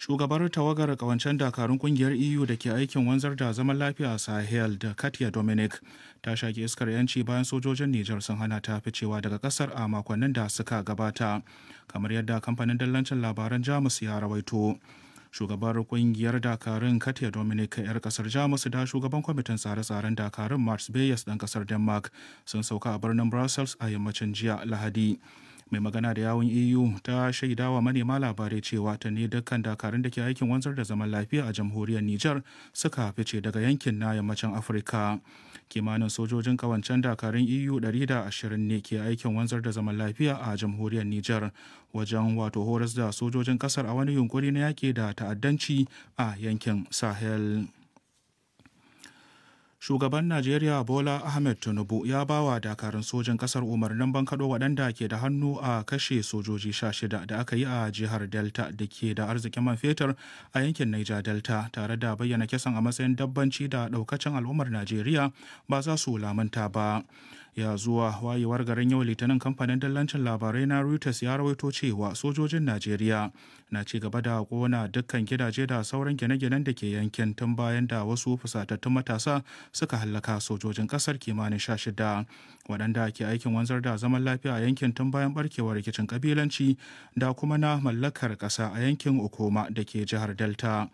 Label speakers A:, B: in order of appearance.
A: shugabar tawagar kawancen dakarun kungiyar eu da ke aikin wanzar da zaman lafiya sahel da katia dominic ta shaƙi iskar yanci bayan sojojin nijar sun hana ta fi cewa daga ƙasar a makonnin da suka gabata kamar yadda kamfanin dallancin labaran jamus ya rawaito shugabar kungiyar dakarun Katia dominic yar kasar jamus da shugaban kwamitin tsare-tsaren dakarun mars bayes dan kasar denmark sun sauka a birnin brussels a yammacin jiya lahadi mai magana da yawon eu ta shaidawa manema labarai cewa ta ne dukkan dakarun da ke aikin wanzar da zaman lafiya a jamhuriyar niger suka fice daga yankin na yammacin afirka kimanin sojojin kawancen dakarun eu 120 ne ke aikin wanzar da zaman lafiya a jamhuriyar niger wajen wato horas da sojojin kasar a wani yunkuri na yaki da ta'addanci a yankin sahel shugaban najeriya bola ahmed tinubu ya ba wa dakarun sojin kasar umarnin bankaɗo waɗanda ke da hannu a kashe sojoji sha shida da aka yi a jihar delta da ke da arzikin man fetur a yankin niger delta tare da bayyana kisan a matsayin dabbanci da ɗaukacin al'ummar najeriya ba za su lamunta ba ya zuwa wayewar garin yau litinin kamfanin dallancin labarai na reuters ya rawaito cewa sojojin najeriya na ci gaba da kona dukkan gidaje da sauran gine-ginen da ke yankin tun bayan da wasu fusatattun matasa suka hallaka sojojin kasar kimanin sha shida waɗanda ke aikin wanzar da zaman lafiya a yankin tun bayan barkewar rikicin kabilanci da kuma na mallakar ƙasa a yankin okoma da ke jihar delta